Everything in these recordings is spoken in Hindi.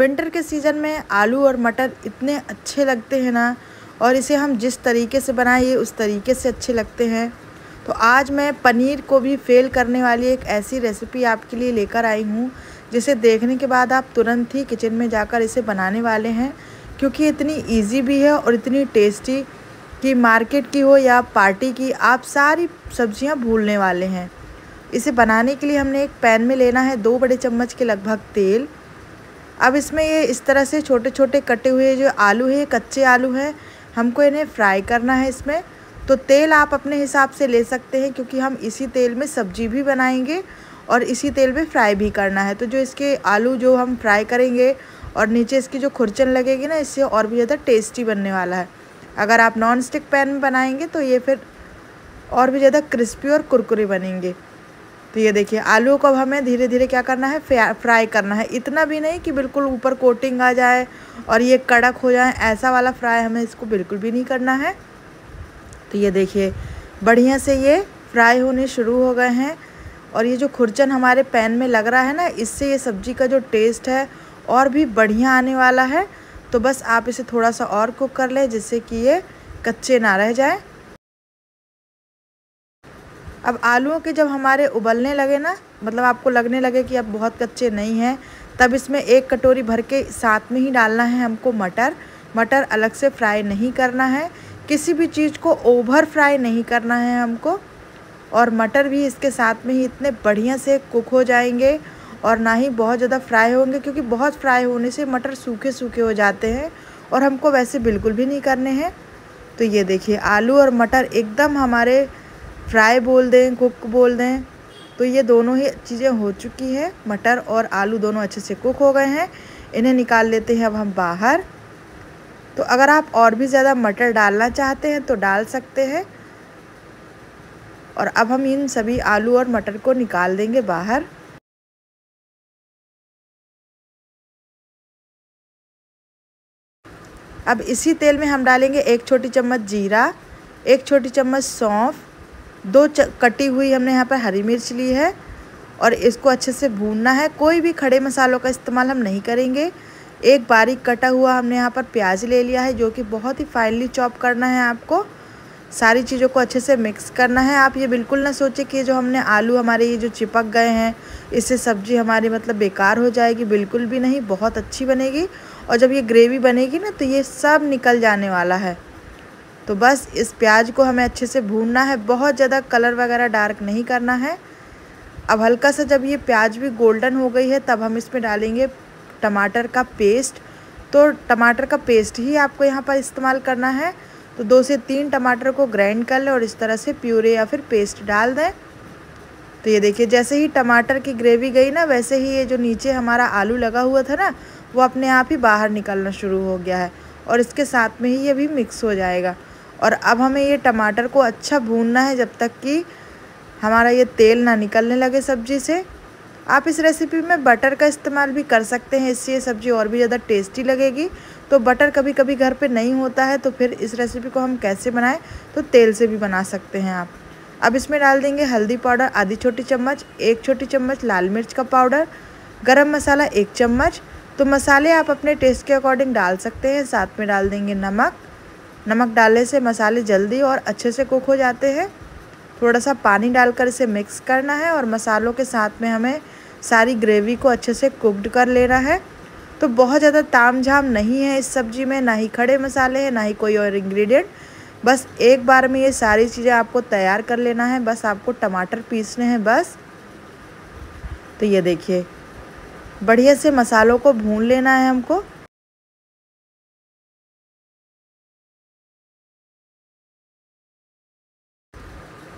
विंटर के सीज़न में आलू और मटर इतने अच्छे लगते हैं ना और इसे हम जिस तरीके से बनाए उस तरीके से अच्छे लगते हैं तो आज मैं पनीर को भी फेल करने वाली एक ऐसी रेसिपी आपके लिए लेकर आई हूँ जिसे देखने के बाद आप तुरंत ही किचन में जाकर इसे बनाने वाले हैं क्योंकि इतनी इजी भी है और इतनी टेस्टी कि मार्केट की हो या पार्टी की आप सारी सब्जियां भूलने वाले हैं इसे बनाने के लिए हमने एक पैन में लेना है दो बड़े चम्मच के लगभग तेल अब इसमें ये इस तरह से छोटे छोटे कटे हुए जो आलू है कच्चे आलू हैं हमको इन्हें फ्राई करना है इसमें तो तेल आप अपने हिसाब से ले सकते हैं क्योंकि हम इसी तेल में सब्जी भी बनाएंगे और इसी तेल में फ्राई भी करना है तो जो इसके आलू जो हम फ्राई करेंगे और नीचे इसकी जो खुरचन लगेगी ना इससे और भी ज़्यादा टेस्टी बनने वाला है अगर आप नॉन स्टिक पैन में बनाएंगे तो ये फिर और भी ज़्यादा क्रिस्पी और कुरकुरे बनेंगे तो ये देखिए आलू को अब हमें धीरे धीरे क्या करना है फ्राई करना है इतना भी नहीं कि बिल्कुल ऊपर कोटिंग आ जाए और ये कड़क हो जाए ऐसा वाला फ्राई हमें इसको बिल्कुल भी नहीं करना है तो ये देखिए बढ़िया से ये फ्राई होने शुरू हो गए हैं और ये जो खुरचन हमारे पैन में लग रहा है ना इससे ये सब्ज़ी का जो टेस्ट है और भी बढ़िया आने वाला है तो बस आप इसे थोड़ा सा और कुक कर लें जिससे कि ये कच्चे ना रह जाएँ अब आलूओं के जब हमारे उबलने लगे ना मतलब आपको लगने लगे कि अब बहुत कच्चे नहीं हैं तब इसमें एक कटोरी भर के साथ में ही डालना है हमको मटर मटर अलग से फ्राई नहीं करना है किसी भी चीज़ को ओवर फ्राई नहीं करना है हमको और मटर भी इसके साथ में ही इतने बढ़िया से कुक हो जाएंगे और ना ही बहुत ज़्यादा फ्राई होंगे क्योंकि बहुत फ्राई होने से मटर सूखे सूखे हो जाते हैं और हमको वैसे बिल्कुल भी नहीं करने हैं तो ये देखिए आलू और मटर एकदम हमारे फ्राई बोल दें कुक बोल दें तो ये दोनों ही चीज़ें हो चुकी है मटर और आलू दोनों अच्छे से कुक हो गए हैं इन्हें निकाल लेते हैं अब हम बाहर तो अगर आप और भी ज़्यादा मटर डालना चाहते हैं तो डाल सकते हैं और अब हम इन सभी आलू और मटर को निकाल देंगे बाहर अब इसी तेल में हम डालेंगे एक छोटी चम्मच जीरा एक छोटी चम्मच सौंफ दो कटी हुई हमने यहाँ पर हरी मिर्च ली है और इसको अच्छे से भूनना है कोई भी खड़े मसालों का इस्तेमाल हम नहीं करेंगे एक बारीक कटा हुआ हमने यहाँ पर प्याज ले लिया है जो कि बहुत ही फाइनली चॉप करना है आपको सारी चीज़ों को अच्छे से मिक्स करना है आप ये बिल्कुल ना सोचें कि जो हमने आलू हमारे ये जो चिपक गए हैं इससे सब्ज़ी हमारी मतलब बेकार हो जाएगी बिल्कुल भी नहीं बहुत अच्छी बनेगी और जब ये ग्रेवी बनेगी ना तो ये सब निकल जाने वाला है तो बस इस प्याज को हमें अच्छे से भूनना है बहुत ज़्यादा कलर वगैरह डार्क नहीं करना है अब हल्का सा जब ये प्याज भी गोल्डन हो गई है तब हम इसमें डालेंगे टमाटर का पेस्ट तो टमाटर का पेस्ट ही आपको यहाँ पर इस्तेमाल करना है तो दो से तीन टमाटर को ग्राइंड कर लें और इस तरह से प्यूरे या फिर पेस्ट डाल दें तो ये देखिए जैसे ही टमाटर की ग्रेवी गई ना वैसे ही ये जो नीचे हमारा आलू लगा हुआ था ना वो अपने आप ही बाहर निकलना शुरू हो गया है और इसके साथ में ही ये भी मिक्स हो जाएगा और अब हमें ये टमाटर को अच्छा भूनना है जब तक कि हमारा ये तेल ना निकलने लगे सब्ज़ी से आप इस रेसिपी में बटर का इस्तेमाल भी कर सकते हैं इससे ये सब्ज़ी और भी ज़्यादा टेस्टी लगेगी तो बटर कभी कभी घर पे नहीं होता है तो फिर इस रेसिपी को हम कैसे बनाएं तो तेल से भी बना सकते हैं आप अब इसमें डाल देंगे हल्दी पाउडर आधी छोटी चम्मच एक छोटी चम्मच लाल मिर्च का पाउडर गरम मसाला एक चम्मच तो मसाले आप अपने टेस्ट के अकॉर्डिंग डाल सकते हैं साथ में डाल देंगे नमक नमक डालने से मसाले जल्दी और अच्छे से कुक हो जाते हैं थोड़ा सा पानी डालकर इसे मिक्स करना है और मसालों के साथ में हमें सारी ग्रेवी को अच्छे से कुकड कर लेना है तो बहुत ज़्यादा ताम झाम नहीं है इस सब्ज़ी में ना ही खड़े मसाले हैं ना ही कोई और इंग्रेडिएंट बस एक बार में ये सारी चीज़ें आपको तैयार कर लेना है बस आपको टमाटर पीसने हैं बस तो ये देखिए बढ़िया से मसालों को भून लेना है हमको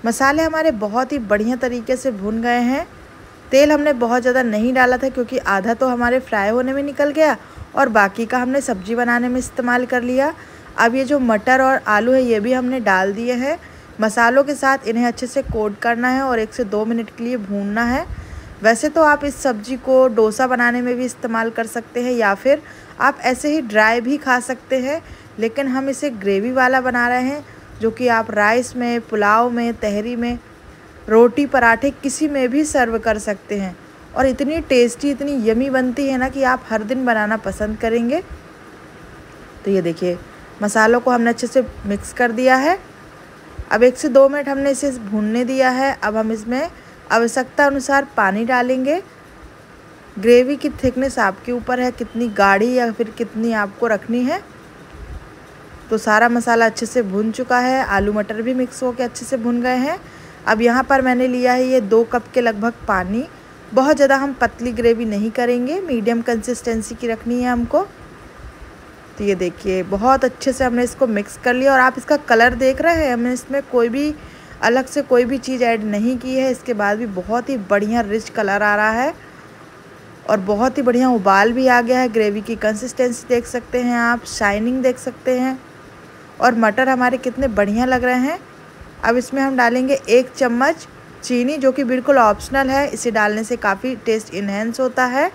मसाले हमारे बहुत ही बढ़िया तरीके से भुन गए हैं तेल हमने बहुत ज़्यादा नहीं डाला था क्योंकि आधा तो हमारे फ्राई होने में निकल गया और बाकी का हमने सब्जी बनाने में इस्तेमाल कर लिया अब ये जो मटर और आलू है ये भी हमने डाल दिए हैं मसालों के साथ इन्हें अच्छे से कोट करना है और एक से दो मिनट के लिए भूनना है वैसे तो आप इस सब्जी को डोसा बनाने में भी इस्तेमाल कर सकते हैं या फिर आप ऐसे ही ड्राई भी खा सकते हैं लेकिन हम इसे ग्रेवी वाला बना रहे हैं जो कि आप राइस में पुलाव में तहरी में रोटी पराठे किसी में भी सर्व कर सकते हैं और इतनी टेस्टी इतनी यमी बनती है ना कि आप हर दिन बनाना पसंद करेंगे तो ये देखिए मसालों को हमने अच्छे से मिक्स कर दिया है अब एक से दो मिनट हमने इसे भूनने दिया है अब हम इसमें आवश्यकता अनुसार पानी डालेंगे ग्रेवी की थिकनेस आपके ऊपर है कितनी गाढ़ी या फिर कितनी आपको रखनी है तो सारा मसाला अच्छे से भुन चुका है आलू मटर भी मिक्स होकर अच्छे से भुन गए हैं अब यहाँ पर मैंने लिया है ये दो कप के लगभग पानी बहुत ज़्यादा हम पतली ग्रेवी नहीं करेंगे मीडियम कंसिस्टेंसी की रखनी है हमको तो ये देखिए बहुत अच्छे से हमने इसको मिक्स कर लिया और आप इसका कलर देख रहे हैं हमने इसमें कोई भी अलग से कोई भी चीज़ ऐड नहीं की है इसके बाद भी बहुत ही बढ़िया रिच कलर आ रहा है और बहुत ही बढ़िया उबाल भी आ गया है ग्रेवी की कंसिस्टेंसी देख सकते हैं आप शाइनिंग देख सकते हैं और मटर हमारे कितने बढ़िया लग रहे हैं अब इसमें हम डालेंगे एक चम्मच चीनी जो कि बिल्कुल ऑप्शनल है इसे डालने से काफ़ी टेस्ट इन्हेंस होता है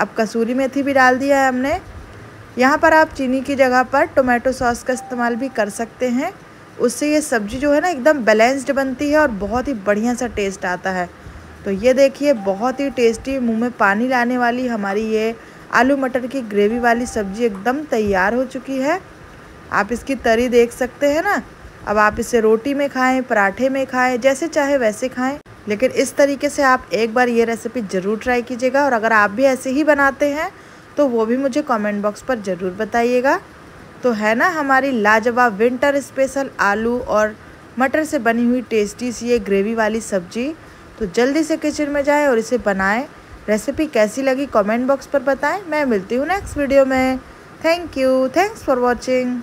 अब कसूरी मेथी भी डाल दिया है हमने यहाँ पर आप चीनी की जगह पर टोमेटो सॉस का इस्तेमाल भी कर सकते हैं उससे ये सब्ज़ी जो है ना एकदम बैलेंस्ड बनती है और बहुत ही बढ़िया सा टेस्ट आता है तो ये देखिए बहुत ही टेस्टी मुंह में पानी लाने वाली हमारी ये आलू मटर की ग्रेवी वाली सब्ज़ी एकदम तैयार हो चुकी है आप इसकी तरी देख सकते हैं ना अब आप इसे रोटी में खाएं पराठे में खाएं जैसे चाहे वैसे खाएं लेकिन इस तरीके से आप एक बार ये रेसिपी ज़रूर ट्राई कीजिएगा और अगर आप भी ऐसे ही बनाते हैं तो वो भी मुझे कमेंट बॉक्स पर ज़रूर बताइएगा तो है ना हमारी लाजवाब विंटर स्पेशल आलू और मटर से बनी हुई टेस्टी सी ये ग्रेवी वाली सब्जी तो जल्दी से किचन में जाएँ और इसे बनाएं रेसिपी कैसी लगी कमेंट बॉक्स पर बताएं मैं मिलती हूँ नेक्स्ट वीडियो में thank you thanks for watching